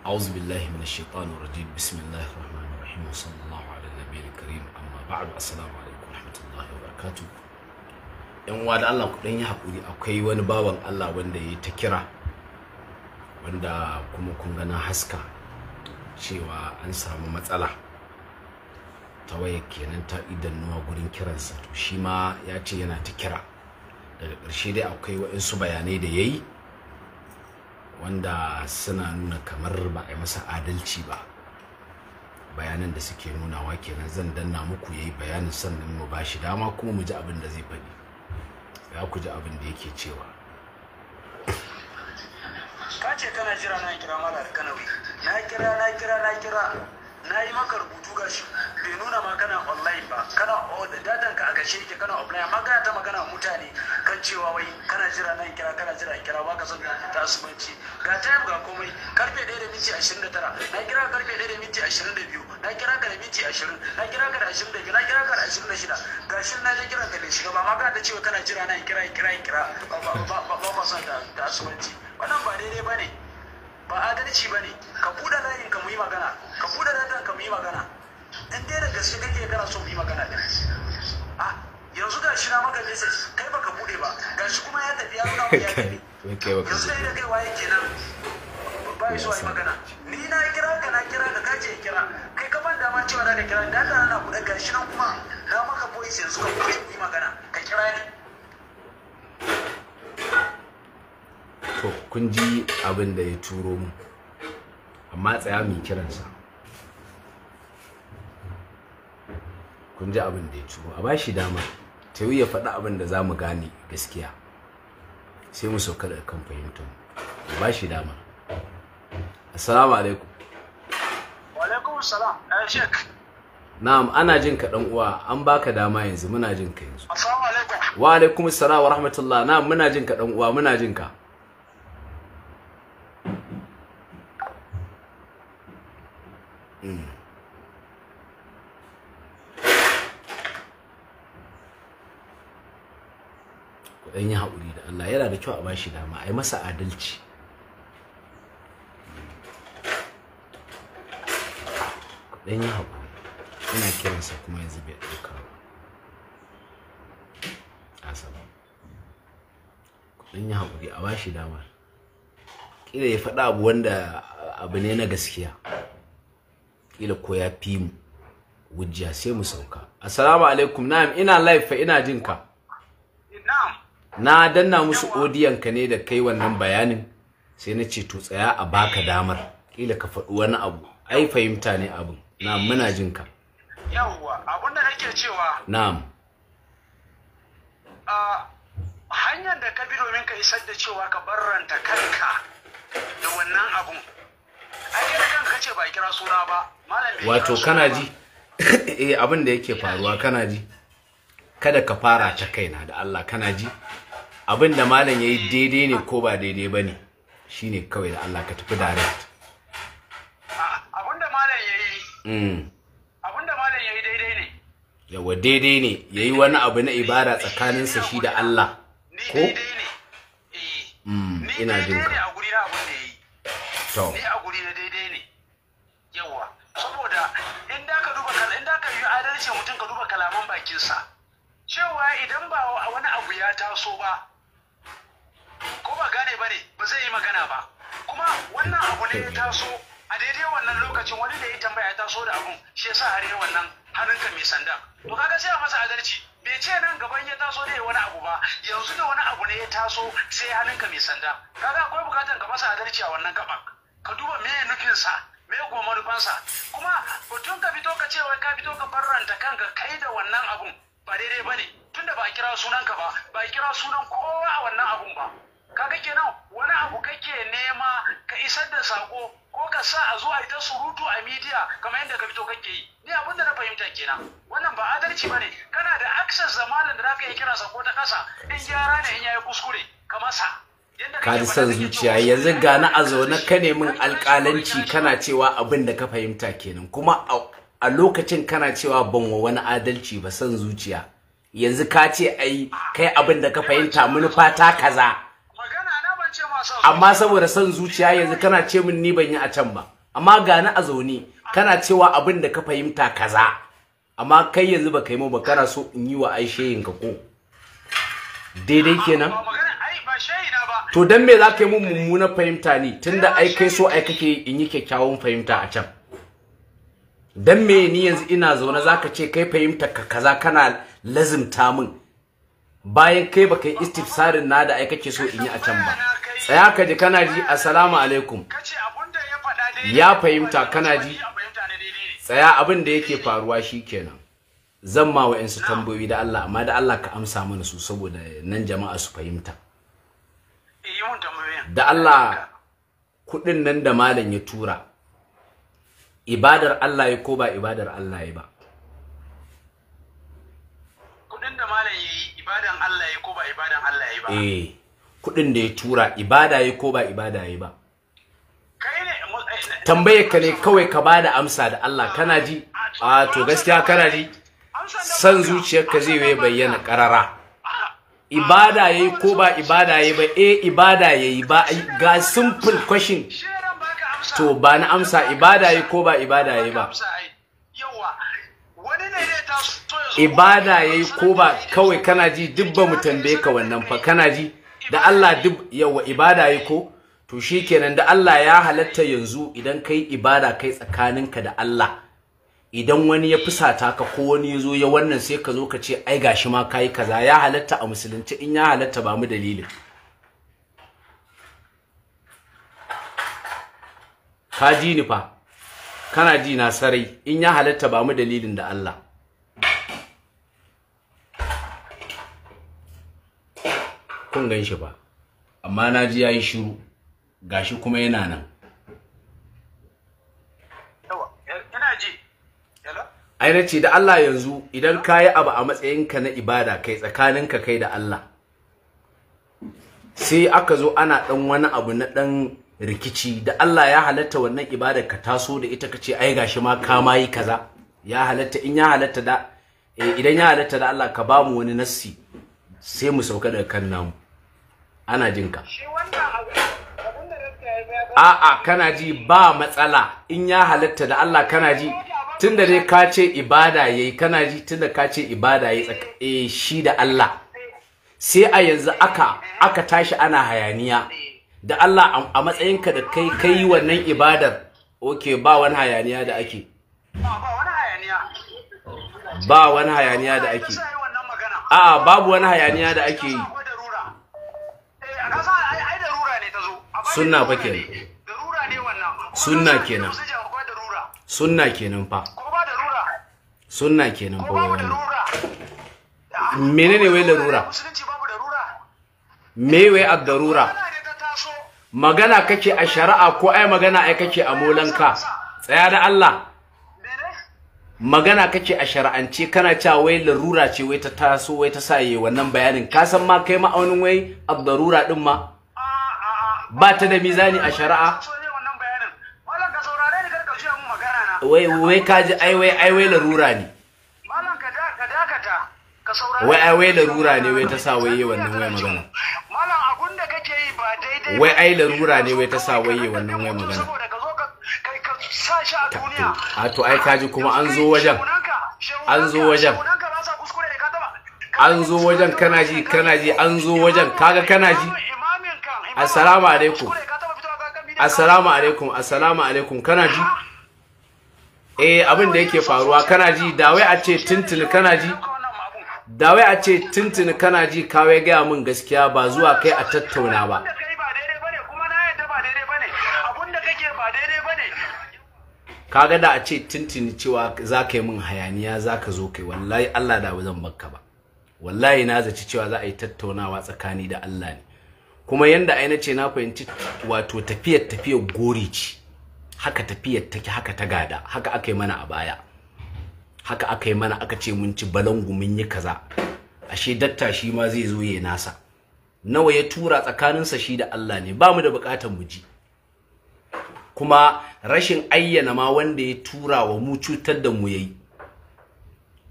أعوذ بالله من الشيطان الرجيم بسم الله الرحمن yan uwa da Allah ku dan hakuri akwai wani baban Allah wanda ya ta kira wanda kuma kun ga haska cewa an samu matsala ta waya kenan ta idan nuwa gurin kiransa to shi ma ya ce yana ta kira daga karshe dai akwai waɗansu bayanai da yayi. wanda suna nuna kamar ba a masa adalci ba bayanan da suke nuna wa kenan zan danna muku yayi bayanin sannan mu bashi dama kuma mu ji abin da zai faɗi ya ku ji abin da yake cewa ka ce kana jira na kira mala da kanawi na kira na kira na kira na yi maka rubutu ga shi bai nuna ma kana online ba kana da datan ka a gashe ke kana online amma kana ta magana mutane kan cewa wai kana jira nan kira kana jira kira ba ka san da ta asibanci ga ta ga komai karfe 1 da minti 29 na kira karfe 1 da minti 22 na kira ka da minti 20 na kira ka da 22 na kira ka da 26 ga shi na je kira ka da shi ba ma kana ta cewa kana jira nan kira kira kira ba ba ba ba son ta asubanci wannan ba daidai ba ne ba adalci ba ne ka buɗe layin ka mu yi magana ka buɗe layin ka mu yi magana in dai da gaske kake kana so muyi yi magana din a yanzu ga shi na maka message kai ba ka buɗe ba ga shi kuma ya tafi ya nuna mu ya tafi yanzu dai da kai waye kenan ba a yi magana ni na kira ka na kira ka kace kira kai ka ban dama cewa da kira da ta na kuɗa ga shi nan kuma na maka voice yanzu ka buɗe muyi yi magana ka kira ni kun ji abin da ya turo mu amma tsaya mai kiransa kun ji abin da ya turo a bashi dama ta ya faɗi abin da za mu gane gaskiya sai mu sauka da kan fahimtar a bashi dama assalamu alaikum alaikum salam shek na'am ana jin ka dan uwa an baka dama yanzu muna jin ka yanzu assalamu alaikum wa alaikum assalam wa rahmatullah na'am muna jin ka dan uwa muna jin ka dan yi haƙuri da Allah yana da kyau a bashi dama a yi masa adalci dan yi haƙuri ina kiransa kuma yanzu bai ɗauka ba asaba dan yi haƙuri a bashi dama ƙila ya faɗa abu wanda abu ne na gaskiya ƙila ko ya fi mu wujja sai mu sauka assalamu alaikum na'am ina live fa ina jinka na danna musu odiyan ka ne da kai wannan bayanin sai na ce to tsaya a baka damar kila ka faɗi wani abu ai fahimta ne abu na muna jin ka yawwa abun da nake cewa na'am hanyar da ka bi domin ka isar da cewa ka barranta kanka da wannan abun ai kira kan ka ce ba kira suna ba malam wato kana ji eh abin da yake faruwa kana ji kada ka fara ta kaina da Allah kana ji abin da malam ya yi daidai ne ko ba daidai ba ne shi ne kawai da Allah ka tafi direct abin da malam ya yi mm. abin da malam ya yi daidai ne yawa daidai ne ya yi wani abu na ibada tsakaninsa shi da Allah ko eh. mm, ina jin ka to ni a guri na daidai ne yawa saboda in da ka duba in da ka yi adalci mutum ka duba kalaman bakinsa cewa idan ba wani abu ya taso ba ko ba gane ba ne ba zai yi magana ba kuma wannan abu ne ya taso a daidai wannan lokacin wani da ya tambaya ya taso da abun shi yasa har yi wannan hannunka mai sanda to kaga sai a masa adalci bai ce nan gaban ya taso da wani abu ba yanzu da wani abu ne ya taso sai hannunka mai sanda kaga akwai bukatar ka masa adalci a wannan gaban ka duba me nufinsa me kuma manufansa kuma batun ka fito ka ce wai ka fito ka farranta kanka kai da wannan abun ba daidai ba ne tunda ba a kira sunanka ba ba a kira sunan kowa a wannan abun ba kaga kenan wani abu kake nema ka isar da sako ko ka sa a zuwa ita surutu a midiya kamar yadda ka fito kake yi ni abin da na fahimta kenan wannan ba adalci bane kana da access da malam da zaka yi kira sako ta kasa in gyara ne in yayi kuskure ka masa ka ji son zuciya yanzu ga na a zaune ka nemi alƙalanci kana cewa abin da ka fahimta kenan kuma a lokacin kana cewa ban wa wani adalci ba san zuciya yanzu ka ce ai kai abin da ka fahimta manufa ta kaza amma saboda son zuciya yanzu kana ce min ni ban yi a can ba amma gani a zaune kana cewa abin da ka fahimta kaza amma kai yanzu ba kai mu ba kana so in yi wa aishe yin ka ko daidai kenan to dan me za ka yi mun mummuna fahimta ne tunda ai kai so ai kake in yi kyakkyawan fahimta a can dan me ni yanzu ina zaune zaka ce kai fahimta ka kaza kana lazimta min bayan kai baka yi istifsarin na da ai kake so in yi a can ba tsaya ka ji kana ji assalamu alaikum ya fahimta kana ji tsaya abin da yake faruwa shikenan zan ma wa wa'yansu tambayoyi da Allah amma da Allah ka amsa mana su saboda nan jama'a su fahimta eh, da Allah kudin nan da malam ya tura ibadar Allah ya ko ba ibadar Allah ya ba kudin da malam ya yi ibadan Allah ya ko ba ibadan Allah ya ba eh kuɗin da ya tura ibada ya ko ba ibada ya ba eh, eh, tambaye ka ne eh, kawai ka ba da amsa da Allah kana ji a to gaskiya kana ji san zuciyarka zai waye bayyana karara ibada yi ko ba ibada yi ba eh ibada yi ba ga simple question to ba na amsa ibada yi ko ba ibada yi ba ibada yi ko ba kawai kana ji duk ba mu tambaye ka wannan fa kana ji da Allah duk yawa ibada yi ko to shikenan da Allah ya halatta yanzu idan kai ibada kai tsakaninka da Allah idan wani ya fusata ka ko wani ya zo ya wannan sai ka zo ka ce ai gashi ma kai kaza ya halatta a musulunci in ya halatta ba mu dalilin ka ji ni fa kana ji na sarai in ya halatta ba mu dalilin da Allah kun gan shi ba amma na ji ya yi shiru gashi kuma yana nan ai na ce da Allah yanzu idan ka yi abu a matsayinka na ibada kai tsakaninka kai da Allah sai aka zo ana ɗan wani abu na ɗan rikici da Allah ya halatta wannan ibada ka taso da ita ka ce ai gashi ma ka ma yi kaza ya halatta in ya halatta da eh, idan ya halatta da Allah ka ba mu wani nassi sai mu sauka daga kan namu ana jin ka a'a kana ji ba matsala in ya halatta da Allah kana ji tunda dai ka ce ibada yayi kana ji tunda ka ce ibada yayi eh shi da Allah sai a yanzu aka aka tashi ana hayaniya da Allah a matsayinka da kai kai wannan ibadar okay ba wani hayaniya da ake ba wani hayaniya da ake a'a babu wani hayaniya da ake yi sunna fa kenan ne sunna kenan sunna kenan fa sunna kenan fa wannan menene wai larura me wai a darura magana kake a shari'a ko ai magana ai kake a molanka tsaya da Allah magana kake a shar'ance kana cewa wai larura ce wai ta taso wai ta saye wannan bayanin ka san ma kai ma'aunin wai abdarura din ma ba ta da mizani a shari'a wai wai kaji ai wai ai wai larura ne wai ai wai larura ne wai ta sa wai wannan wai magana wai ai larura ne wai ta sa wai wannan wai magana a to ai kaji kuma an zo wajen an zo wajen an zo wajen kana ji kana ji an zo wajen kaga kana ji assalamu alaikum assalamu alaikum assalamu alaikum kana ji eh abin da yake faruwa kana ji da wai a ce tuntuni kana ji da wai a ce tuntuni kana ji ka wai gaya min gaskiya ba zuwa kai a tattauna ba kaga da a ce tintini cewa za ka yi min hayaniya za ka zo kai wallahi Allah da zan bakka ba wallahi na zaci cewa za a yi tattaunawa tsakani da Allah ne kuma yanda ai nace na fahimci wato tafiyar tafiyar gori ce haka tafiyar take haka ta gada haka aka yi mana a baya haka aka yi mana aka ce mun ci balangu mun yi kaza ashe datta shi ma zai zo ya nasa nawa ya tura tsakaninsa shi da Allah ne ba mu da bukatar mu ji kuma rashin ayyana ma wanda ya tura wa mu cutar da mu yayi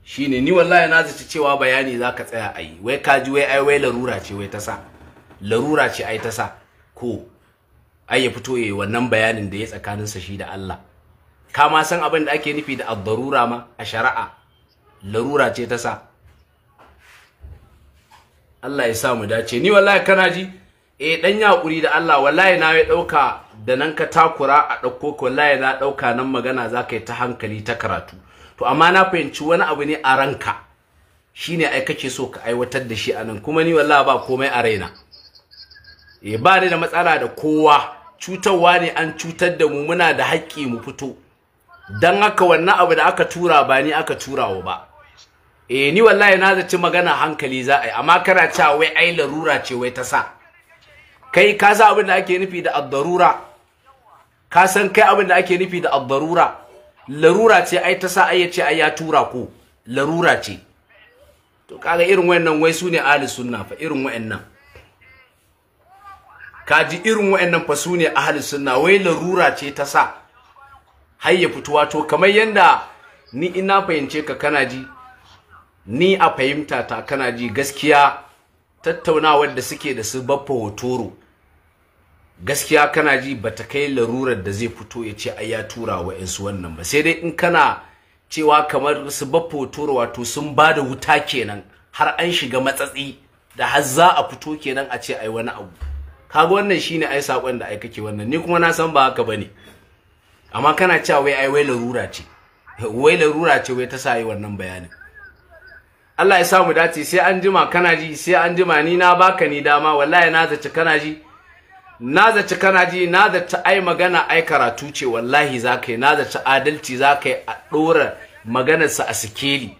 shine ni wallahi na zaci cewa bayani zaka tsaya ai wai kaji wai ai wai larura ce wai ta sa larura ce ai ta sa ko ai ya fito yayi wannan bayanin da ya tsakaninsa shi da Allah ka ma san abin da ake nufi da ad-darura ma a shari'a larura ce ta sa Allah ya sa mu dace ni wallahi kana ji eh dan yakuri da Allah wallahi na ya dauka da nan ka takura a ɗauko ko laye za ɗauka nan magana za ka yi ta hankali ta karatu to amma na fahimci wani abu ne a ranka Shi ne ai kake so ka aiwatar da shi a nan kuma ni wala ba komai a raina e ba ni da matsala da kowa cutarwa ne an cutar da mu muna da haƙƙi mu fito dan haka wannan abu da aka tura ba ni aka turawa ba eh ni wallahi na zaci magana hankali za a yi amma kana cewa wai ai larura ce wai ta sa kai ka sa abin da ake nufi da ad-darura ka san kai abin da ake nufi da abbarura larura ce ai ta sa ai ce ai ya tura ku larura ce to kaga irin wayannan wai su ne ahli sunna fa irin wayannan kaji irin wayannan fa su ne ahli sunna wai larura ce ta sa har ya fito wato kamar yanda ni ina fahimce ka kana ji ni a fahimta ta kana ji gaskiya tattaunawar da suke da su baffa hotoro gaskiya kana ji bata kai larurar da zai fito ya ce ai ya tura wa yansu wannan ba sai dai in kana cewa kamar su baffo tura wato sun ba da wuta kenan har an shiga matsatsi da har za a fito kenan a ce ai wani abu kaga wannan shine ai sakon da ai kake wannan ni kuma na san ba haka bane amma kana cewa wai ai wai larura ce wai larura ce wai ta sa yi wannan bayanin Allah ya samu dace sai an jima kana ji sai an jima ni na baka ni dama wallahi na zaci kana ji na zaci kana ji na zaci ai magana ai karatu ce wallahi za ka yi na zaci adalci za ka yi a ɗora maganarsa a sikeli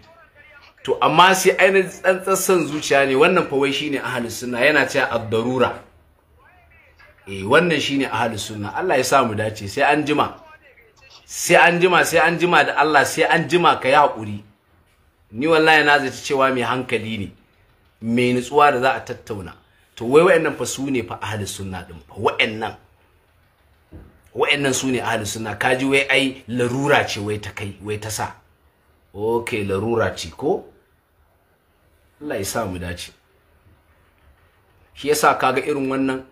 to amma sai ainihin tsantsan son zuciya ne wannan fawai shine halin suna yana cewa a darura eh wannan shine halin suna Allah ya sa mu dace sai an jima sai an jima sai an jima da Allah sai an jima ka yi hakuri ni wallahi na zaci cewa mai hankali ne mai nutsuwa da za a tattauna to wai wa'annan fa su ne fa ahli sunna din fa wa'annan wa'annan su ne ahli sunna kaji wai ai larura ce wai ta kai wai ta sa okay larura ce ko Allah ya sa mu dace shi yasa kaga irin wannan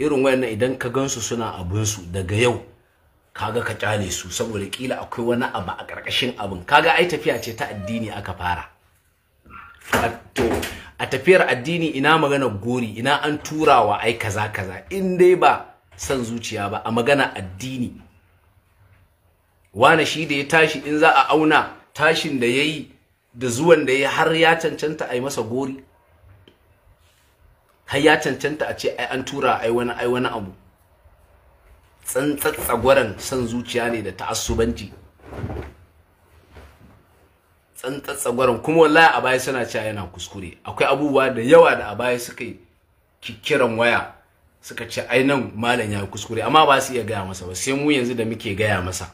irin wayannan idan ka gansu suna abun su daga yau kaga ka kyale su saboda kila akwai wani abu a karkashin abin kaga ai tafiya ce ta addini aka fara a tafiyar addini ina magana gori ina an turawa ai kaza kaza in dai ba san zuciya ba a magana addini wane shi da ya tashi in za a auna tashin da ya yi da zuwan da ya har ya cancanta a masa gori har ya cancanta a ce ai an tura ai wani ai wani abu tsantsatsagwaran san zuciya ne da ta'assubanci tsantsar tsagwaron kuma wallahi a baya suna cewa yana kuskure akwai abubuwa da yawa da a baya suka yi waya suka ce ai nan malam ya kuskure amma ba su iya gaya masa ba sai mu yanzu da muke gaya masa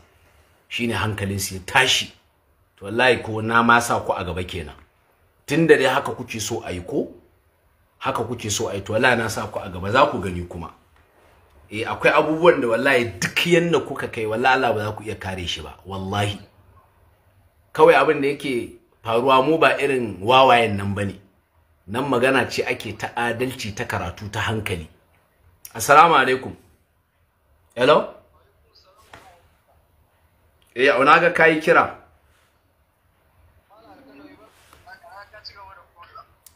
shine hankalin su ya tashi to wallahi ko na ma sa ku a gaba kenan tunda dai haka kuke so a yi ko haka kuke so a yi to wallahi na sa ku a gaba za ku gani kuma eh akwai abubuwan da wallahi duk yanda kuka kai wallahi ba za ku iya kare shi ba wallahi kawai abin da yake faruwa mu ba irin wawayen nan bane nan magana ce ake ta adalci ta karatu ta hankali assalamu alaikum hello eh ona ga kai kira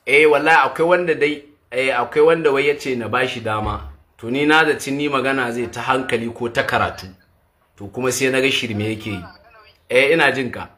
eh wallahi akwai wanda dai eh akwai wanda wai yace na bashi dama to ni na da ni magana zai ta hankali ko ta karatu to kuma sai na ga shirme yake yi eh ina jinka ka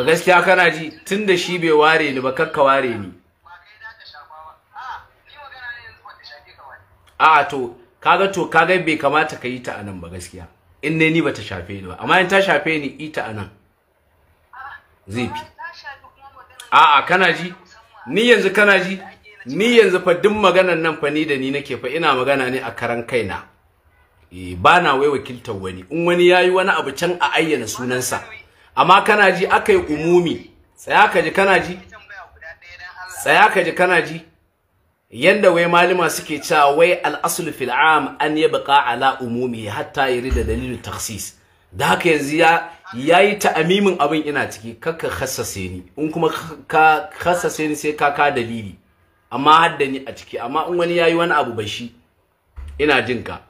ba gaskiya kana ji tun da shi bai ware ni ba kakka ware ni a to kaga to kaga bai kamata ka yi ta anan ba gaskiya in ne ni bata shafe ni ba amma in ta shafe ni ita anan zai fi a'a kana ji ni yanzu kana ji ni yanzu fa duk maganar nan fa ni da ni nake fa ina magana ne a karan kaina eh, ba na wai wakiltar wani in wani yayi wani abu can a ayyana sunansa amma kana ji aka yi umumi tsaya ka ji kana ji tsaya ka ji kana ji yanda wai malima suke cewa wai al'asulu fil am an yabqa ala umumi hatta da dalilin taksis da haka yanzu ya yayi ta'amimin abin ina ciki kakka khassase ni in kuma ka khassase ni sai ka ka dalili amma hadda a ciki amma in wani yayi wani abu shi ina jinka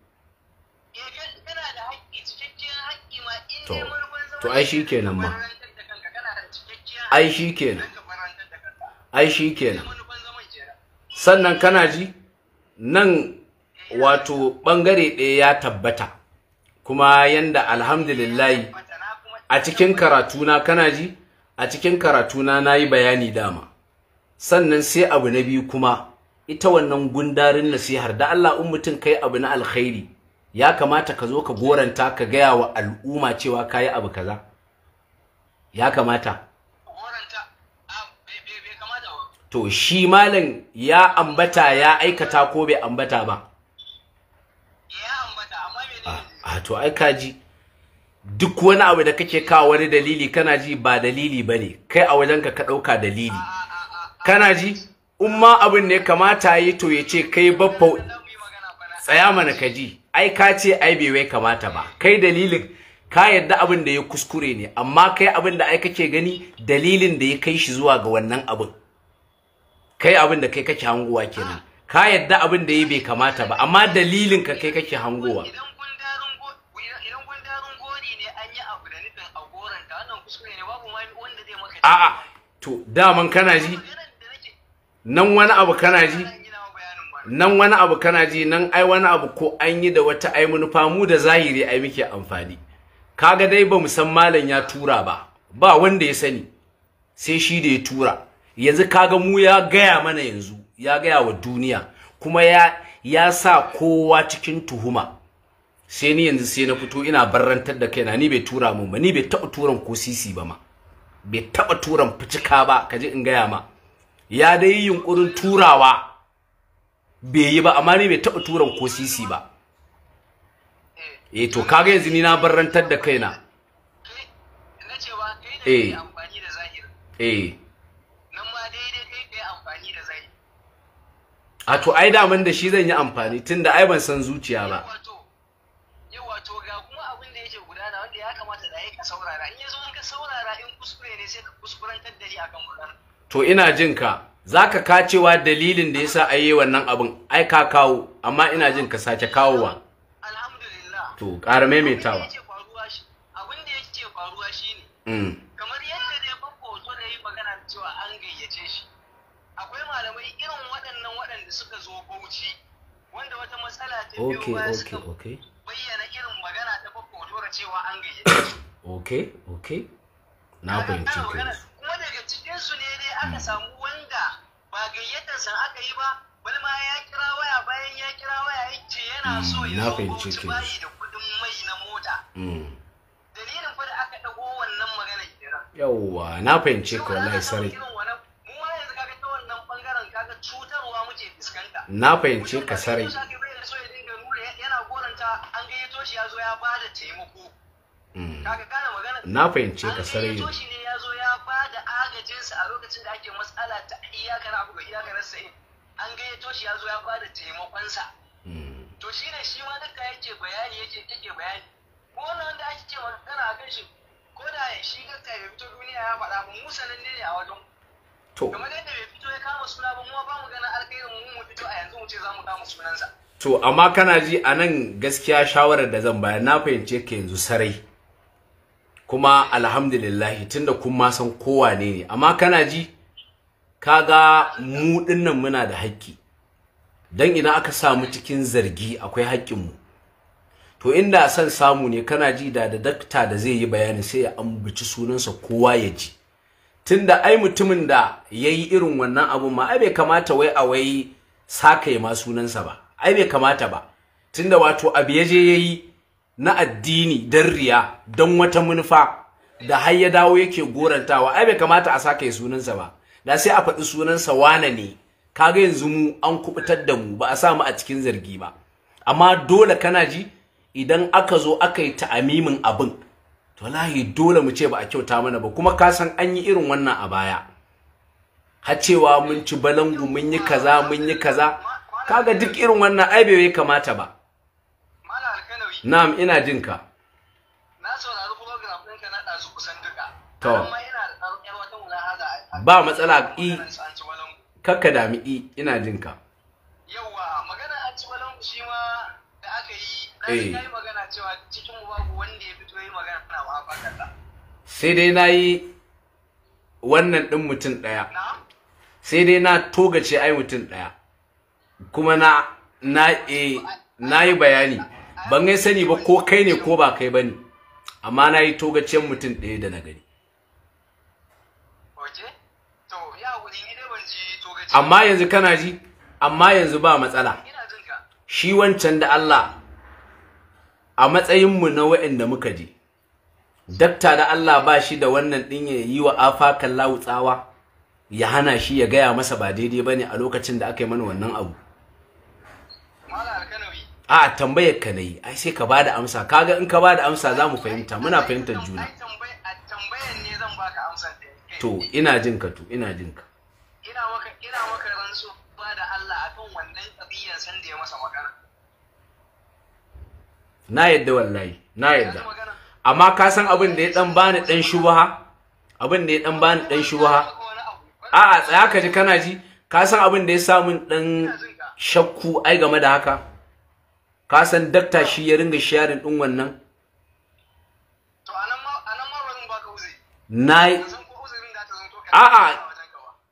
to ai shi kenan ma ai shi kenan ai shi kenan sannan kana ji nan wato ɓangare ɗaya ya tabbata kuma yanda alhamdulillahi a cikin karatuna kana ji a cikin karatuna na yi bayani dama sannan sai abu na biyu kuma ita wannan gundarin nasihar da Allah in mutum kai abu na alkhairi ya kamata ka zo ka goranta ka gaya wa al'umma cewa ka yi abu kaza ya kamata ah, to shi malam ya ambata ya aikata ko bai ambata ba a ah, ah, to ai kaji duk wani abu da kake kawo wani dalili kana ji ba dalili ne kai a wajenka ka ɗauka dalili kana ji in ma abin ne kamata yi to ya ce kai baffau tsaya mana ka ji ai ka ce ai bai wai kamata ba kai dalilin ka yadda abin da ya kuskure ne amma kai abin da ai kake gani dalilin da ya kai shi zuwa ga wannan abin kai abin da kai kake hangowa kenan ka yadda abin da ya bai kamata ba amma dalilin ka kai kake hangowa a'a to daman kana ji nan wani abu kana ji nan wani abu kana ji nan ai wani abu ko an yi da wata ai manufa mu da zahiri ai muke amfani kaga dai ba san malam ya tura ba ba wanda ya sani sai shi da ya tura yanzu kaga mu ya gaya mana yanzu ya gaya wa duniya kuma ya ya sa kowa cikin tuhuma sai ni yanzu sai na fito ina barrantar da kaina ni bai tura mu ba ni bai taɓa turan ko sisi ba ma bai taɓa turan ficika ba kaji in gaya ma ya dai yunkurin turawa bai yi ba amma ni bai taɓa turan ko sisi ba eh to kaga yanzu ni na barrantar da kaina na cewa kai ne eh. amfani da zahiri eh nan ma daidai kai kai amfani da zahiri a to ai da man da shi zan yi amfani tunda ai ban san zuciya ba yawa to ga kuma abin da yake gudana wanda ya kamata da ka saurara in yazo in ka saurara in kuskure ne sai ka kuskurantar da shi akan magana to ina jin ka zaka kacewa dalilin da yasa ayi wannan abin ai ka kawo amma ina jin ka sake kawowa alhamdulillah to ƙara maimaitawa abin da yake faruwa shine mm. kamar yadda dai babbo so da yi magana cewa an gayyace shi akwai malamai irin waɗannan waɗanda suka zo bauchi wanda wata matsala ta biyo ba suka bayyana irin magana ta babbo cewa an gayyace shi okay okay na fahimci kai cikinsu ne dai aka hmm. samu wanda ba san aka yi ba wani ma ya kira waya bayan ya kira waya ya yana hmm, so ya rubuta bayi da kudin mai na mota hmm. dalilin fa da aka dago wannan magana kenan yawwa na fahimce ka wallahi sarai na fahimce ka sarai yana goranta an gayyato shi ya zo ya bada taimako Mm. kaga kana magana na fahimce ka sarai ne shi ne ya zo ya bada agajin sa a lokacin da ake matsala ta iyaka na abu iyaka na sai an gayyato shi ya zo ya bada taimakon sa mm. to shine shi ma duka yake bayani yake yake bayani ko na wanda ake ce magana a kan shi ko da shi ga kai fito duniya ya faɗa mu musanin ne a wajen to kamar yadda bai fito ya kama suna ba mu ba mu gana alkhairin mu mu fito a yanzu mu ce za mu kama sunansa to amma kana ji a nan gaskiya shawarar da zan bayar na fahimce ka yanzu sarai kuma alhamdulillahi tunda kun ma san kowa ne ne amma kana ji kaga mu dinnan muna da haƙƙi dan idan aka samu cikin zargi akwai haƙƙin mu to inda san samu ne kana ji da da dakta da zai yi bayani sai ya ambaci sunansa kowa ya ji tunda ai mutumin da yayi irin wannan abun ma ai bai kamata wai a wai sakai ma sunansa ba ai bai kamata ba tunda wato abu yaje yayi na addini dan riya don wata manufa da har ya dawo yake gorantawa ai bai kamata a saka sunansa ba da sai a faɗi sunansa wane ne kaga yanzu mu an kubutar da mu ba a sa mu a cikin zargi ba amma dole kana ji idan aka zo aka yi ta'amimin abin to lahi dole mu ce ba a kyauta mana ba kuma ka san an yi irin wannan a baya har cewa mun ci balangu mun yi kaza mun yi kaza kaga duk irin wannan ai bai kamata ba na'am ina jin na saurari ba matsala i kakka dami i ina jin ka yawa magana a ci eh. cewa cikin sai dai na yi wannan ɗin mutum ɗaya sai dai na togace ai mutum ɗaya kuma na na eh, yi bayani ban gai sani ba ko kai ne ko ba kai ba ne amma na yi togacen mutum ɗaya da na gani amma yanzu kana ji amma yanzu ba matsala shi wancan da Allah a matsayinmu na waɗanda muka ji, dakta da Allah ba shi da wannan ɗin ya yi wa afakan tsawa ya hana shi ya gaya masa ba daidai ba ne a lokacin da aka yi mana wannan abu a tambayar ka nayi ai sai ka bada amsa kaga in ka bada amsa za mu fahimta muna fahimtar juna to ina jin ka to ina jin ka ina maka ina maka rantsuwa da Allah akan wannan kabiyan san da ya masa magana na yadda wallahi na yadda amma ka san abin da ya dan bani dan shubha abin da ya dan bani dan shubha a'a tsaya ka ji kana ji ka san abin da ya samu dan shakku ai game da haka ka san dakta shi ya ringa sharing din wannan to anan ma anan ma ban baka uzi nai a a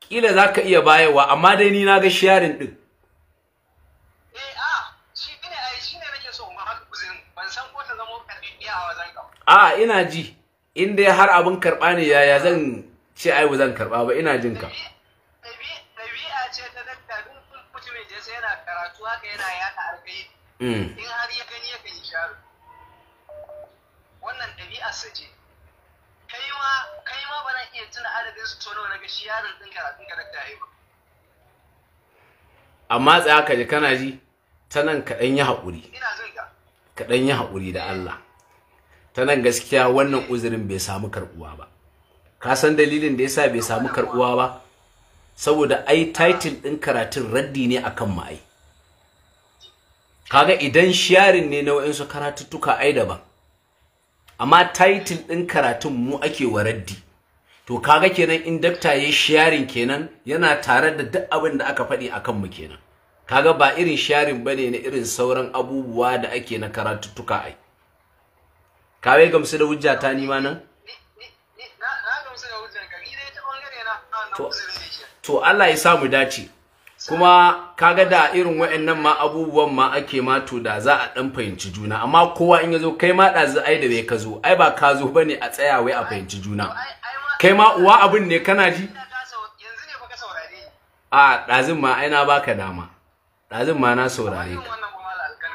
kila zaka iya bayarwa amma dai ni na ga sharing din a ina ji in dai har abin karba ne yaya zan ce ai zan karɓa ba ina jin ka ɗabi'a ce ta dakta duk mai da yana karatu haka yana yaɗa alkhairi Mm. in har ya yi kai ma iya na gashi yaron amma tsaya ka ji kana ji ta nan kaɗan yi haƙuri kaɗan yi haƙuri da Allah ta nan gaskiya wannan uzurin bai samu karɓuwa ba ka san dalilin da yasa bai samu karɓuwa ba saboda ai title ɗin karatun raddi ne akan ma'ai kaga idan sharing ne na wayansu karatuttuka ai daban amma title ɗin karatun mu ake waraddi to kaga kenan in dakta ya sharing kenan yana tare da duk abin da aka faɗi akan mu kenan kaga ba irin sharing bane na irin sauran abubuwa da ake na karatuttuka ai kawai gamsu da hujja ta nima nan to Allah ya sa mu dace kuma kaga da irin wa'annan ma abubuwan ma ake ma to da za a dan fahimci juna amma kowa in yazo kai ma da ai da bai ka zo ai ba ka zo bane a tsaya wai a fahimci juna kai ma uwa abin ne kana ji a ɗazin ma ai na baka dama ɗazin ma na saurare ka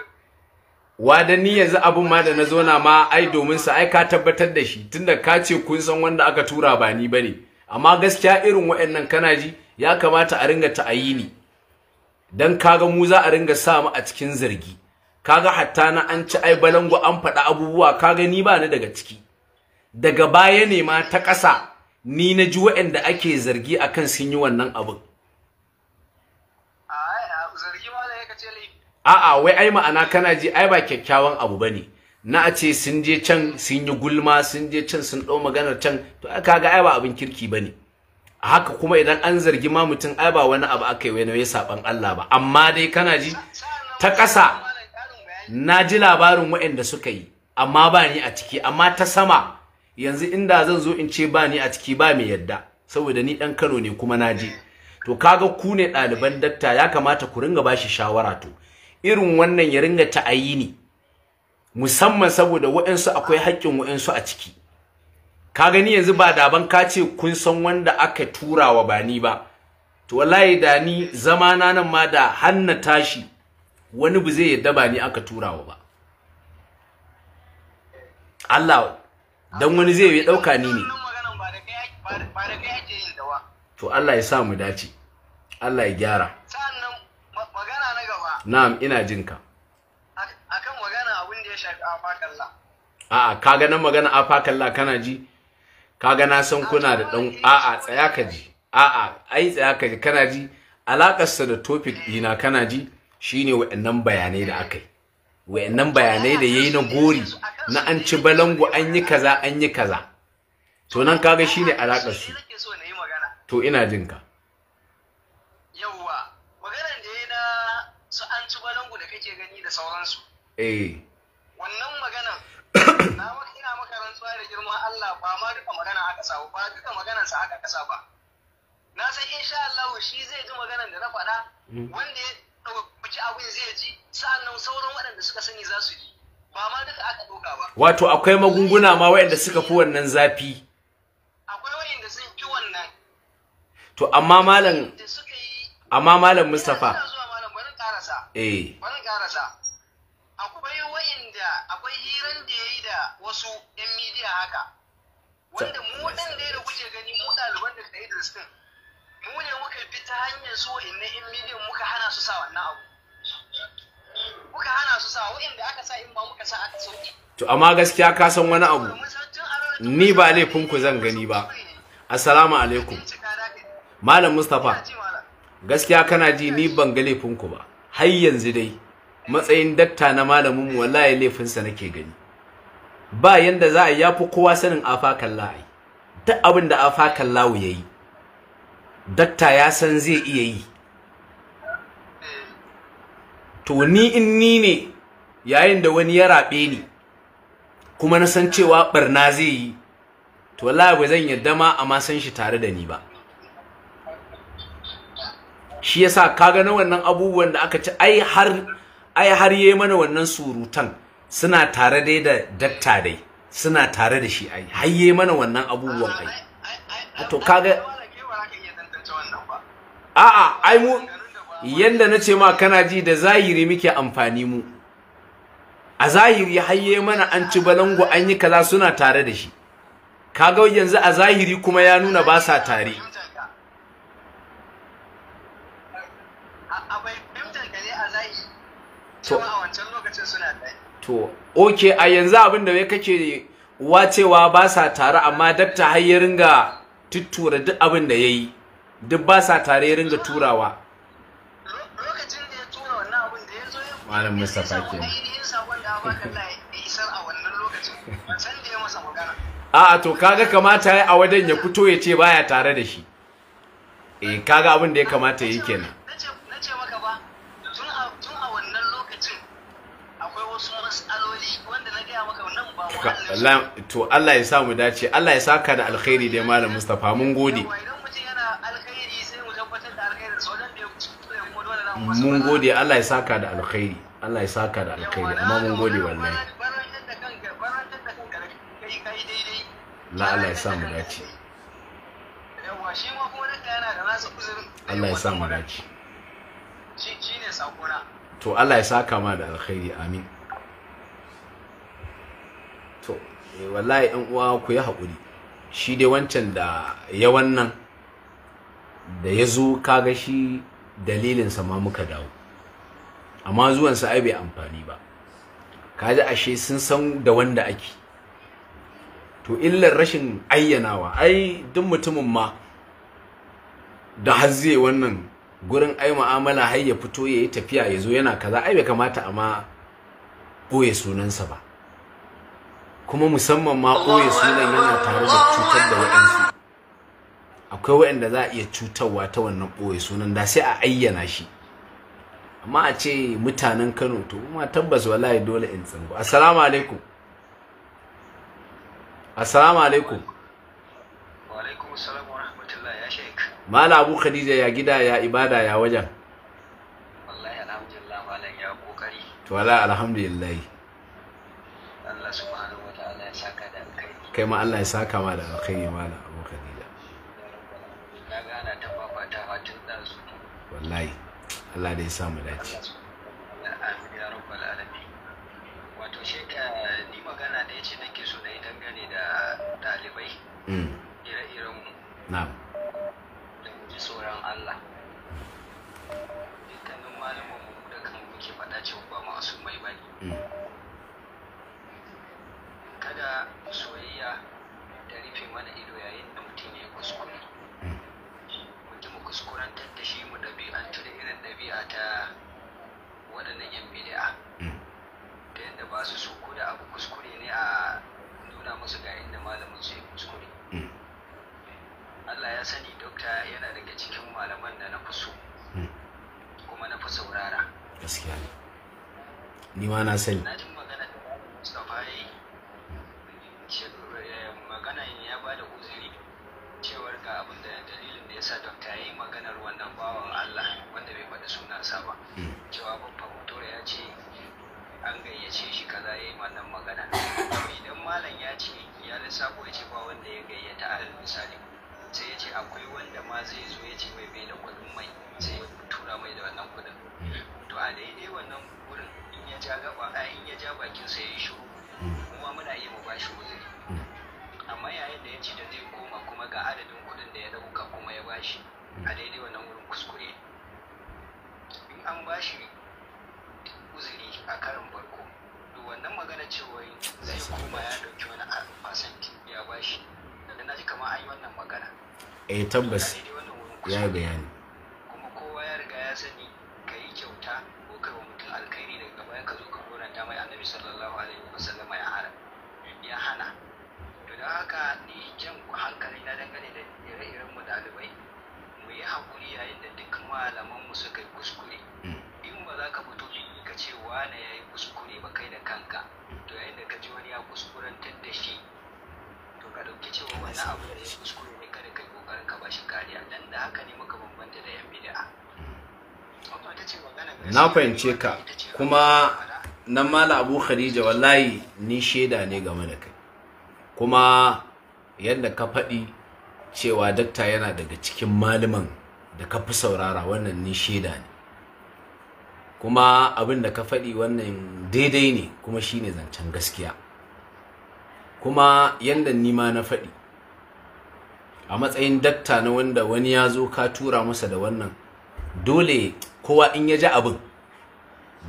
wa da ni yanzu abin ma da na zo na ma ai domin sa ai ka tabbatar da shi tunda ka ce kun san wanda aka tura ba ni bane amma gaskiya irin wa'annan kana ji ya kamata a ringa ta'ayini dan kaga mu za a ringa sa mu a cikin zargi kaga hatta na an ci ai balango an faɗa abubuwa kaga ni ba ni daga ciki daga baya ne ma ta ƙasa ni na ji waɗanda ake zargi akan sun yi wannan abin a'a wai ai ma'ana kana ji ai ba kyakkyawan abu bane na a ce sun je can sun yi gulma sun je can sun ɗau maganar can to kaga ai ba abin kirki bane haka kuma idan an zargi ma mutum ai ba wani abu aka yi wani ya saban Allah ba amma dai kana ji ta ƙasa na ji labarin waɗanda suka yi amma ba ni a ciki amma ta sama yanzu inda zan zo in ce ba ni a ciki ba mai yadda saboda ni ɗan Kano ne kuma na je to kaga ku ne ɗaliban dakta ya kamata ku ringa bashi shawara to irin wannan ya ringa ta'ayini musamman saboda waɗansu akwai haƙƙin waɗansu a ciki ka gani yanzu ba daban ka ce kun san wanda aka tura wa ba ni ba to wallahi da ni zama na nan ma da hanna tashi wani bu zai yadda ba ni aka tura wa ba Allah dan wani zai yi dauka ni ne to Allah ya sa mu dace Allah ya gyara magana na gaba na'am ina jinka akan magana abin da ya shafi afakalla a'a ga nan magana afakalla kana ji kaga na san kuna da dan a'a tsaya ka ji a'a ai tsaya ka ji kana ji alakarsa da topic dina kana ji shine wayannan bayanai da aka yi wayannan bayanai da yayi na gori na an ci balangu an yi kaza an yi kaza to nan kaga shine alakar su to ina jin ka yawwa maganar da yayi na su an ci balangu da kake gani da sauransu eh wannan maganar da girman Allah ba ma duka magana aka samu ba duka sa aka kasa ba na san insha Allah shi zai ji maganar da na faɗa mm. wanda ya dauki abin zai ji sa'annan sauran waɗanda suka sani za su ji ba ma duka aka doka ba wato akwai magunguna ma waɗanda suka fi wannan zafi akwai waɗanda sun fi wannan to amma malam amma malam Mustafa eh bari karasa akwai da akwai hiran da ya yi da wasu 'yan midiya haka wanda mu ɗan da da kuke gani mu ɗaliban da da Idris mu ne muka fi ta hanyar su na 'yan midiya muka hana su sa wannan abu muka hana su sa wa'in da aka sa in ba muka sa aka sauke to amma gaskiya ka san wani abu ni ba laifin ku zan gani ba assalamu alaikum malam mustapha gaskiya kana ji ni ban ga laifin ku ba har yanzu dai matsayin dakta na malamin mu wallahi laifinsa nake gani ba yanda za a yafi kowa sanin afakan la'ai duk abin da afakan lawu yayi dakta ya san zai iya yi to ni in ni ne yayin da wani ya rabe ni kuma na san cewa barna zai yi to wallahi ba zan yadda ma amma san shi tare da ni ba shi yasa kaga na wannan abubuwan da aka ci ai har ai har yi mana wannan surutan suna tare dai da dakta dai suna tare da shi ai har yi mana wannan abubuwan ai to kaga a ai mu yanda nace ma kana ji da zahiri muke amfani mu a zahiri har yi mana an ci balango an yi kaza suna tare da shi kaga yanzu a zahiri kuma ya nuna ba sa tare to a wancan lokacin suna to okay a yanzu abin da wai kake wacewa ba sa tare amma dakta har ya ringa tuttura duk abin da yayi duk ba sa tare ya ringa turawa lokacin da ya tura wannan abin da ya zo ya a'a to kaga kamata ya a wajen ya fito ya ce baya tare da shi eh kaga abin da ya kamata yi kenan to Allah ya sa mu dace Allah ya saka da alkhairi dai malam Mustapha mun gode mun gode Allah ya saka da alkhairi Allah ya saka da alkhairi amma mun gode wallahi la Allah ya sa mu dace Allah ya sa mu dace to Allah ya saka ma da alkhairi amin Eh, wallahi ɗan uwa ku yi haƙuri shi dai wancan da ya wannan da ya zo kaga shi dalilinsa ma muka dawo amma zuwansa ai bai amfani ba Ka ji ashe sun san da wanda ake to illar rashin ayyanawa ai duk mutumin ma da har wannan gurin ai mu'amala har ya fito ya yi tafiya ya zo yana kaza ai bai kamata a ma ɓoye sunansa ba kuma musamman ma ɓoye sunan yana tare da cutar da waɗansu akwai waɗanda za a iya cutarwa ta wannan ɓoye sunan da sai a ayyana shi amma a ce mutanen kano to kuma tabbas wallahi dole in tsango assalamu alaikum assalamu alaikum wa alaikum assalam wa rahmatullahi ya sheik mala abu khadija ya gida ya ibada ya wajen wallahi alhamdulillah malam ya kokari to wallahi alhamdulillah Allah subhanahu kai ma Allah ya saka ma da alkhairi mala abu khadija na gana ta fafata hatin da da ya sa magana da yace nake so dangane da ɗalibai mm. ire-iren mu na'am akwai wanda ma zai zo ya ce mai bai da kuɗin mai sai ya tura mai da wannan kuɗin hmm. to a daidai wannan wurin in ya ja gaba a in ya ja bakin sai ya shiru hmm. kuma muna iya mu bashi uzuri hmm. amma yayin da ya ce da zai koma kuma ga adadin kuɗin da ya dauka kuma ya bashi a daidai wannan wurin kuskure in an bashi uzuri a karin farko to wannan magana cewa zai koma ya dauki wani fasanti ya bashi da na ji kamar an yi wannan magana eh tabbas ya bayani kuma kowa ya riga ya sani ka yi kyauta ko kai mutum alkhairi daga gaba ka zo ka ta mai annabi sallallahu alaihi wa sallam ya hana ya hana to da haka ni jan hankali na dangane da ire-iren mu mu yi hakuri yayin da duk malaman mu suka yi kuskure mm. in ba za ka fito fili ka ce wane ya yi kuskure ba kai da kanka to yayin da ka ji wani ya kuskurantar da shi to ka ɗauki cewa wani abu da ya kuskure kokarin ka bashi kariya dan da haka ne muka bambanta da yan bid'a na fahimce ka kuma nan mala abu khadija wallahi ni shaida ne game da kai kuma yadda ka faɗi cewa dakta yana daga cikin malaman da ka fi saurara wannan ni shaida ne kuma abin da ka faɗi wannan daidai ne kuma shine zancen gaskiya kuma yadda ni ma na faɗi a matsayin dakta na wanda wani ya zo ka tura masa da wannan dole kowa in ya ji abin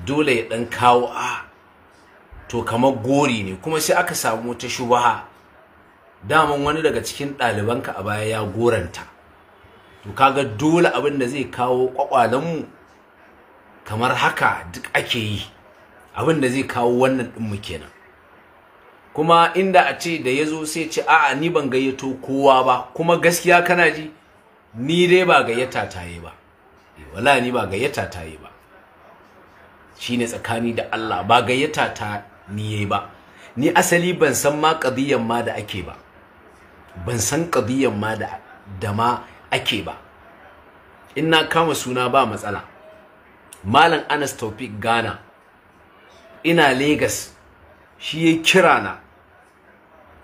dole ya dan kawo a ah, to kamar gori ne kuma sai aka samu wata shubaha daman wani daga cikin ɗalibanka a baya ya goranta to kaga dole abin da zai kawo kwakwalenmu kamar haka duk ake yi abin da zai kawo wannan ɗinmu kenan kuma inda a ce da ya zo sai ce a'a ni ban gayyato kowa ba kuma gaskiya kana ji ni dai ba gayyata ta yi ba eh, wala ni ba gayyata ta yi ba Shi ne tsakani da Allah ba gayyata ta ni yi ba ni asali ban san ma kadiyan ma da ake ba ban san kadiyan ma da da ma ake ba in na kama suna ba matsala malam Anas Taufik Ghana ina Legas, shi ya kira na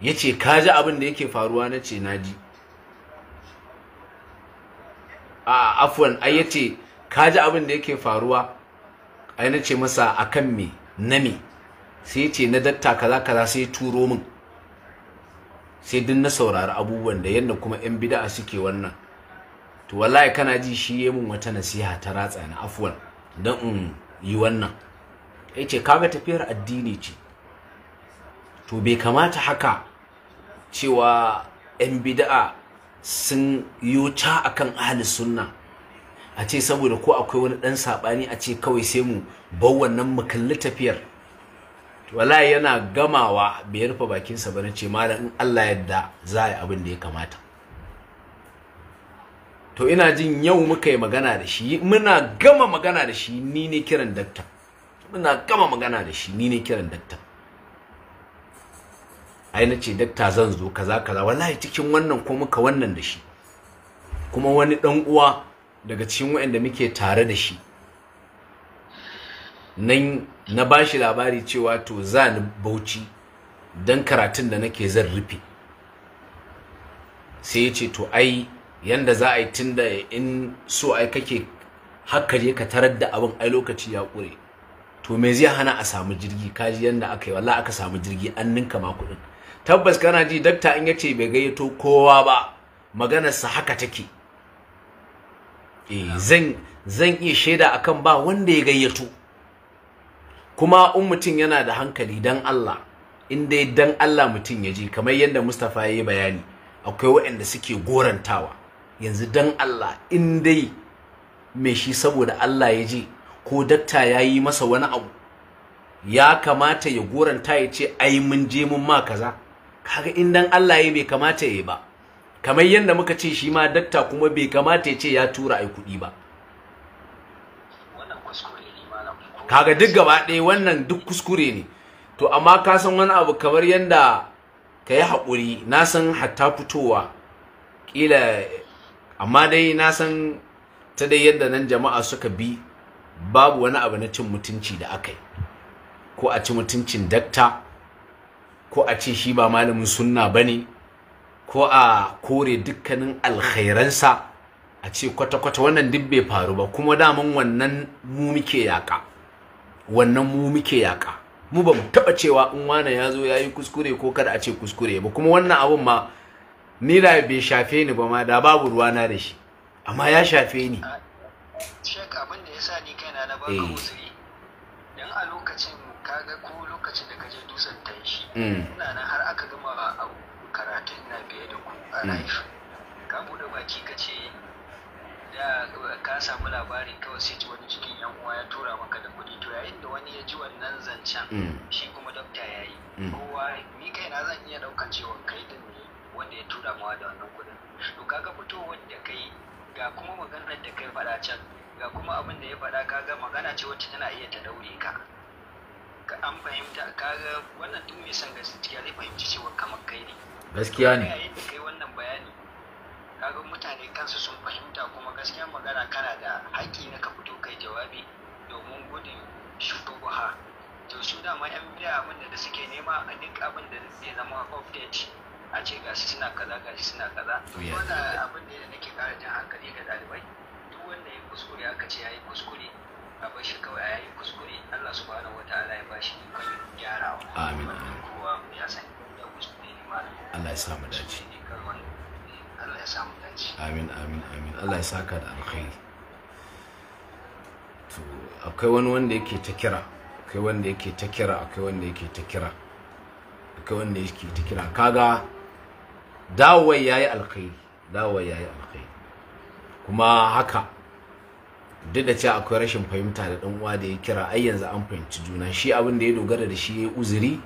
ya ce ka ji abin da yake faruwa na ce na ji a afwan ai ya ce ka ji abin da yake faruwa ai na ce masa a kan me na me sai ce na datta kaza kaza sai turo min sai din na saurari abubuwan da yadda kuma yan bida'a suke wannan to wallahi kana ji shi ya min wata nasiha ta ratsa na afwan don in yi wannan ya ce kaga tafiyar addini ce to bai kamata haka cewa 'yan bida'a sun yuta akan ahli sunna a ce saboda ko akwai wani ɗan saɓani a ce kawai sai mu bau wannan mu tafiyar wala yana gamawa bai rufe bakinsa ba na ce malam in Allah yadda za a yi abin da ya kamata to ina jin yau muka yi magana da shi muna gama magana da shi ni ne kiran dakta ai na ce dakta zan zo kaza kaza wallahi cikin wannan ko muka wannan da shi kuma wani dan uwa daga cikin waɗanda muke tare da shi nan na bashi labari cewa to za ni bauchi dan karatun da nake zan rufe sai ya ce to ai yanda za a yi tunda in so ai kake hakka je ka tarar da abin ai lokaci ya ƙure to me zai hana a samu jirgi kaji yanda aka yi wala aka samu jirgi an ninka ma kuɗin tabbas kana ji dakta in yace bai gayyato kowa ba maganarsa haka take eh zan zan iya shaida akan ba wanda ya gayyato kuma in mutum yana da hankali dan Allah in dai dan Allah mutum ya je kamar yadda Mustafa ya bayani akwai waɗanda suke gorantawa yanzu dan Allah in dai mai shi saboda Allah ya je ko dakta yayi masa wani abu ya kamata ya goranta ya ce ai mun je mun ma kaza kaga in dan Allah ya bai kamata ya ba kamar yadda muka ce shi ma dakta kuma bai kamata ya ce ya tura ai kuɗi ba kaga duk gaba ɗaya wannan duk kuskure ne to amma ka san wani abu kamar yadda ka yi haƙuri na san hatta fitowa ƙila amma dai na san ta dai yadda nan jama'a suka bi babu wani abu na cin mutunci da aka yi ko a ci mutuncin dakta ko a ce shi ba malamin sunna ba ne, ko a kore dukkanin alkhairansa a ce kwata-kwata wannan duk bai faru ba kuma daman wannan mu muke yaƙa wannan mu muke yaƙa mu ba mu taɓa cewa in wane ya zo ya yi kuskure ko kada a ce kuskure ba kuma wannan abun ma ni da bai shafe ni ba ma da babu ruwana da shi amma ya shafe ni ah, shek abin da ya sa ni kaina na ka eh. uzuri don a lokacin kaga ko lokacin da je Mm. Ina nan har aka gama abu karatun na biye da ku a mm. Ka buɗe baki ka ce da ka samu labarin kawai sai ji wani cikin yan uwa ya tura maka da kuɗi to yayin da wani ya ji wannan zancen mm. shi kuma dokta ya yi. Kowa ni kaina zan iya ɗaukan cewa kai din ne wanda ya tura mawa da wannan kuɗin. To kaga fitowar da kai ga kuma maganar da kai faɗa can ga kuma abin da ya faɗa kaga magana ce wacce tana iya ta daure ka. an fahimta kaga wannan duk mai son gaskiya zai fahimci cewa kamar kai ne gaskiya ne yayin da kai wannan bayani kaga mutane kansu sun fahimta kuma gaskiya magana kana da haƙƙi na ka fito kai jawabi domin gudun shubuha to su dama yan biya abin da suke nema a duk abin da zai zama update a ce gashi suna kaza gashi suna kaza wanda abin da nake kara jan hankali ga ɗalibai duk wanda ya kuskure aka ce ya yi kuskure a bashi shi kawai a yayin kuskure Allah subhanahu wataala ya bashi ikon gyarawa amin kowa ya san da kuskure ne malam Allah ya sa mu dace eh, Allah ya sa mu dace amin amin amin Allah ya saka da alkhairi to akwai wani wanda yake ta kira akwai wanda yake ta kira akwai wanda yake ta kira akwai wanda yake ta kira kaga dawowar yayi alkhairi dawowar yayi alkhairi kuma haka duk da cewa akwai rashin fahimta da dan uwa da ya kira ai yanzu an fahimci juna shi abin da ya dogara da shi ya uzuri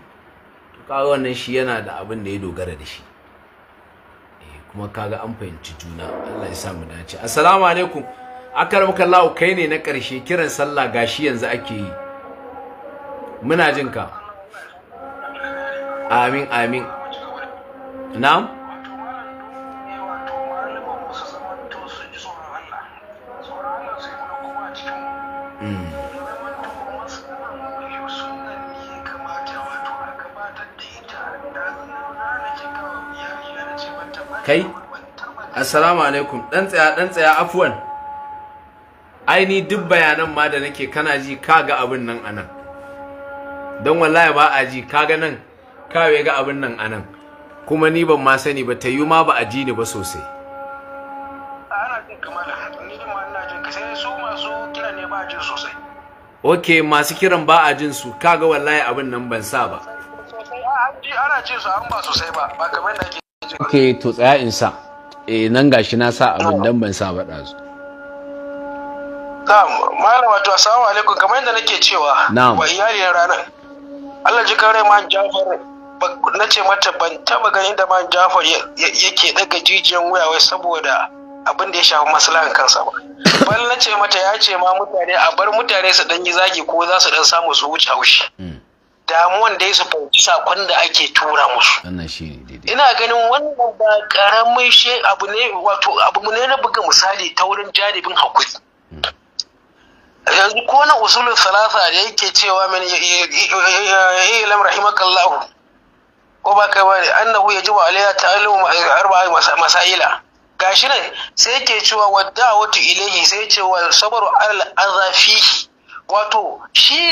to kaga wannan shi yana da abin da ya dogara da shi eh, kuma kaga an fahimci juna Allah ya sa mu dace assalamu alaikum akaramakallahu kai ne na ƙarshe kiran sallah gashi yanzu ake yi muna jinka amin amin na'am kai assalamu alaikum dan tsaya dan tsaya afwan aini duk bayanan ma da nake kana ji kaga abin nan anan don wallahi ba a ji kaga nan kawai ga abin nan anan kuma ni ban ma sani ba tayu ma ba a ji ni ba sosai jin sosai ok masu kiran ba a jin su kaga wallahi abin nan ban sa ba ana jin su an ba sosai ba ba kamar da jin ok to tsaya in sa eh nan gashi na sa abin nan ban sa ba dazu na'am malam wato assalamu alaikum kamar yadda nake cewa na'am wa iyali na ranar Allah ji kare man Jafar na ce mata ban taba ganin da man Jafar yake daga jijiyan wuya wai saboda abin da ya shafi maslahan kansa ba bal na ce mata ya ce ma mutane a bar mutane su dan yi zagi ko za su dan samu su wuce haushi damuwan da ya su fahimci sakon da ake tura musu ina ganin wannan ba karamin shi abu ne wato abu ne na buga misali ta wurin janibin hakuri yanzu ko na usulun salasa da yake cewa min ilam rahimakallahu ko ba kai ne annahu yajibu alayya ta'allumu arba'a masaila gashi nan sai yake cewa wadda wata ilahi sai ce wa sabaru alal wato shi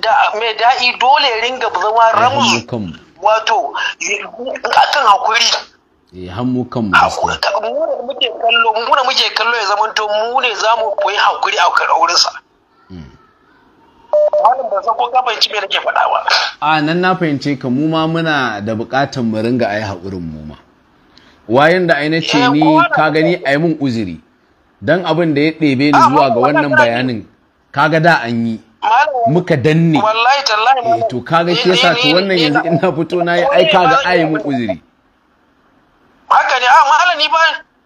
da mai da'i dole ringa zama ramu wato akan hakuri mu kan muke kallo mu ne muke kallo ya zama to mu ne za mu koyi hakuri a wurinsa hmm. Malam ban faɗa ba. A nan na fahimce ka mu ma muna da bukatar mu ringa ayi haƙurin mu wayan da aina ce ni ka gani a yi mun uzuri don abin da ya ɗebe ni ah, zuwa ga wannan bayanin kaga da an yi muka danne eh to kaga shi yasa to wannan yanzu ina fito na yi ai kaga ai mun uzuri haka ne a ah, malami ni ba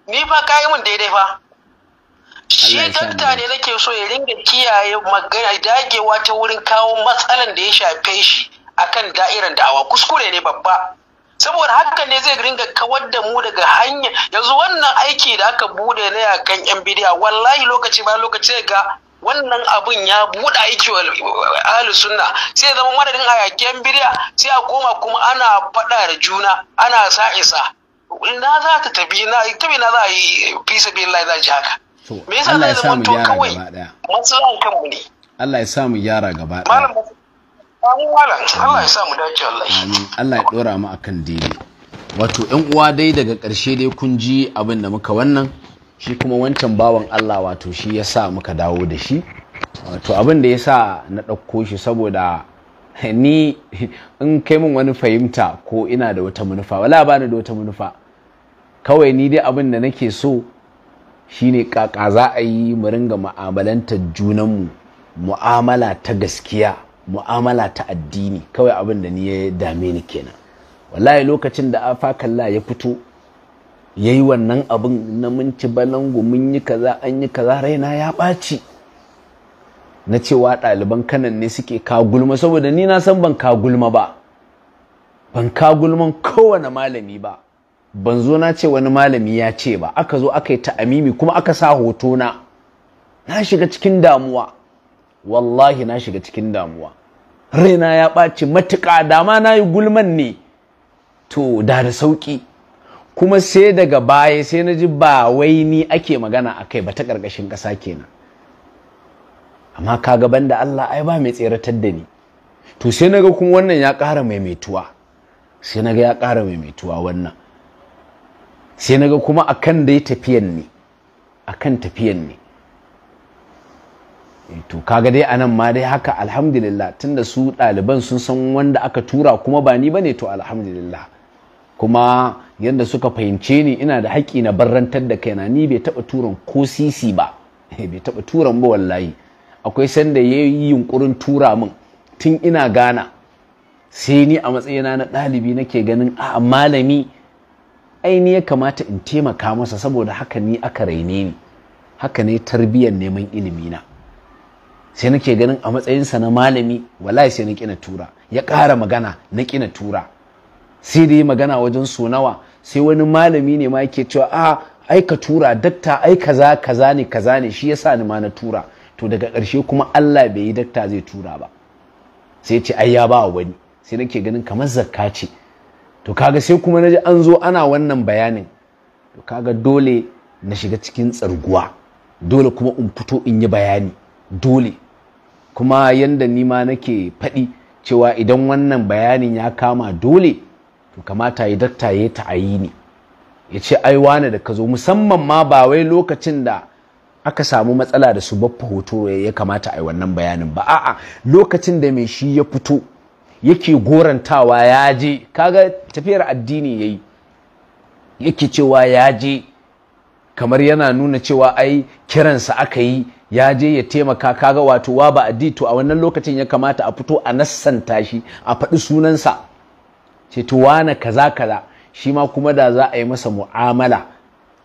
ni ba kai mun daidai ba shi dakta ne nake so ya ringa kiyaye magana dagewa ta wurin kawo matsalan da ya shafe shi akan da'irar da'awa kuskure ne babba saboda haka ne zai ringa kawar da mu daga hanya yanzu wannan aiki da aka bude na yakan yan bidiya wallahi lokaci bayan lokaci ga wannan abun ya bude aiki wa ahli sunna sai zama madadin a yakan bidiya sai a koma kuma ana faɗa da juna ana sa isa ina za ta tafi na tafi na za a yi fisa bin lai za ji haka me yasa zai zama to kawai maslahan kanmu ne Allah ya samu yara gaba ɗaya Allah ya sa mu dace wallahi. Allah ya dora mu akan Wato ƴan uwa dai daga ƙarshe dai kun ji abin da muka wannan shi kuma wancan bawan Allah wato shi ya sa muka dawo da shi. Wato abin da ya sa na ɗauko shi saboda ni in kai min wani fahimta ko ina da wata manufa wala ba ni da wata manufa kawai ni dai abin da nake so shine kaka za a yi mu ringa mu'amalantar junanmu mu'amala ta gaskiya mu'amala ta addini kawai abin da ni ya dame ni kenan wallahi lokacin da afa kalla ya fito ya yi wannan abin na minci balangu mun yi kaza an yi kaza raina ya ɓaci na cewa ɗaliban kanan ne suke ka gulma saboda ni na san ban ka gulma ba ban ka gulman kowane malami ba ban zo na ce wani malami ya ce ba aka zo aka yi ta'amimi kuma aka sa hoto na na shiga cikin damuwa wallahi na shiga cikin damuwa raina ya ɓaci matuƙa dama na yi gulman ne to da da sauƙi kuma sai daga baya sai na ji ba wai ni ake magana a kai ba ta ƙarƙashin ƙasa kenan amma ka gaban da Allah ai ba mai tseratar da ni to sai na ga kuma wannan ya ƙara maimaituwa sai na ga ya ƙara maimaituwa wannan sai na ga kuma akan dai tafiyan ne akan tafiyan ne Eh, to kaga dai anan ma dai haka alhamdulillah tunda su ɗaliban sun san wanda aka tura kuma ba ni bane to alhamdulillah kuma yadda suka fahimce ni ina da haƙƙi na barrantar da kaina ni bai taɓa turan ko sisi ba eh, bai taɓa turan ba wallahi akwai sanda ya yi yunƙurin tura min tun ina gana sai ni a matsayina na ɗalibi nake ganin a malami ai ni ya kamata in taimaka masa saboda haka ni aka raine ni haka ne tarbiyyar neman ilimina sai nake ganin a matsayinsa na malami wallahi sai na kina tura ya ƙara magana na kina tura sai da magana wajen so nawa sai wani malami ne ma yake cewa a ai ka tura dakta ai kaza kaza ne kaza ne shi yasa ni ma na tura to daga ƙarshe kuma Allah bai yi dakta zai tura ba sai ce ai ya ba wani sai nake ganin kamar zakka ce to kaga sai kuma naji an zo ana wannan bayanin to kaga dole na shiga cikin tsarguwa dole kuma in fito in yi bayani dole kuma yanda nima nake faɗi cewa idan wannan bayanin ya kama dole to kamata ya dattaye ta a yi ne ya ce ai wane da ka zo musamman ma ba wai lokacin da aka samu matsala da su baffa hoto ya kamata a yi wannan bayanin ba a'a lokacin da mai shi ya fito yake gorantawa ya je kaga tafiyar addini ya yi. yake cewa ya je kamar yana nuna cewa ai kiransa aka yi ya je ya taimaka kaga wato wa ba to a wannan lokacin ya kamata a fito a nassanta shi a faɗi sunansa ce to wane kaza kaza shi ma kuma da za a yi masa mu'amala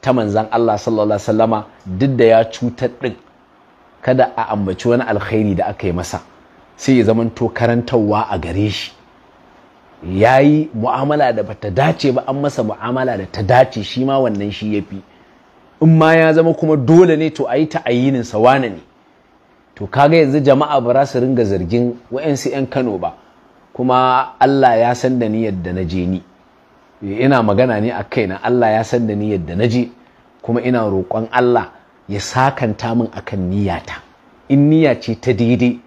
ta manzan Allah sallallahu alaihi wasallama duk da ya cutar din kada a ambaci wani alkhairi da aka yi masa sai ya to karantarwa a gare shi ya yi mu'amala da bata dace ba an masa mu'amala da ta dace shi ma wannan shi ya fi in ma ya zama kuma dole ne to a yi ta'ayinin sa wane ne to kaga yanzu jama'a ba za su ringa zargin wa'yansu 'yan kano ba kuma allah ya san da ni yadda na je ni eh, ina magana ne a kaina allah ya san da ni yadda na je kuma ina roƙon allah ya sakanta min akan niyyata in niyya ce ta daidai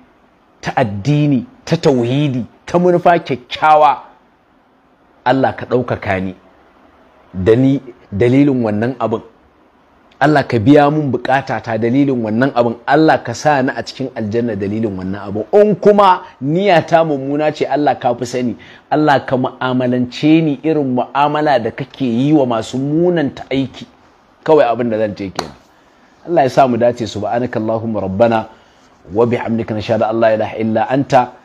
ta addini ta tauhidi ta manufa kyakkyawa allah ka ɗaukaka ni ni dalilin wannan abin Allah ka biya mun bukata ta dalilin wannan abin Allah ka sa ni a cikin aljanna dalilin wannan abin in kuma niyya ta mummuna ce Allah ka fi sani Allah ka mu'amalance ni irin mu'amala da kake yi wa masu munanta aiki kawai abin da zan ce ke. Allah ya sa mu dace subhanakallahumma rabbana wa bihamdika nashhadu an la ilaha illa anta